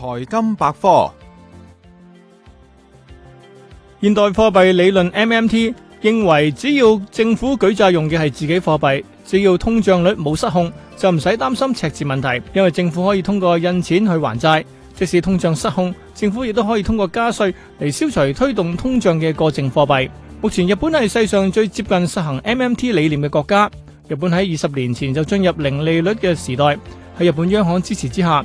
財金百科：現代貨幣理論 （MMT） 認為，只要政府舉債用嘅係自己貨幣，只要通脹率冇失控，就唔使擔心赤字問題，因為政府可以通過印錢去還債。即使通脹失控，政府亦都可以通過加稅嚟消除推動通脹嘅過剩貨幣。目前日本係世上最接近實行 MMT 理念嘅國家。日本喺二十年前就進入零利率嘅時代，喺日本央行支持之下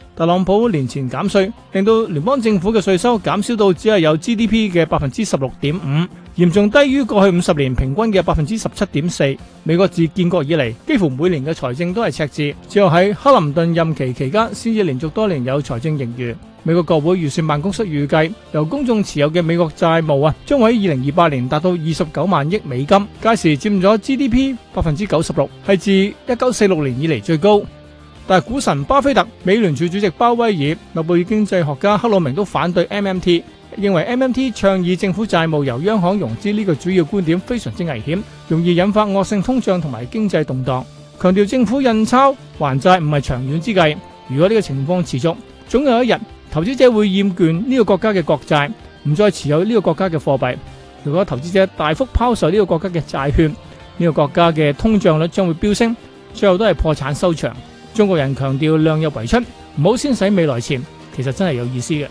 特朗普年前減稅，令到聯邦政府嘅稅收減少到只係有 GDP 嘅百分之十六點五，嚴重低於過去五十年平均嘅百分之十七點四。美國自建國以嚟，幾乎每年嘅財政都係赤字，只有喺克林頓任期期間，先至連續多年有財政盈餘。美國國會預算辦公室預計，由公眾持有嘅美國債務啊，將會喺二零二八年達到二十九萬億美金，屆時佔咗 GDP 百分之九十六，係自一九四六年以嚟最高。但係，股神巴菲特、美聯儲主席鮑威爾、諾貝爾經濟學家克魯明都反對 MMT，認為 MMT 倡議政府債務由央行融資呢個主要觀點非常之危險，容易引發惡性通脹同埋經濟動盪。強調政府印鈔還債唔係長遠之計。如果呢個情況持續，總有一日投資者會厭倦呢個國家嘅國債，唔再持有呢個國家嘅貨幣。如果投資者大幅拋售呢個國家嘅債券，呢個國家嘅通脹率將會飆升，最後都係破產收場。中國人強調量入為出，唔好先使未來錢，其實真係有意思嘅。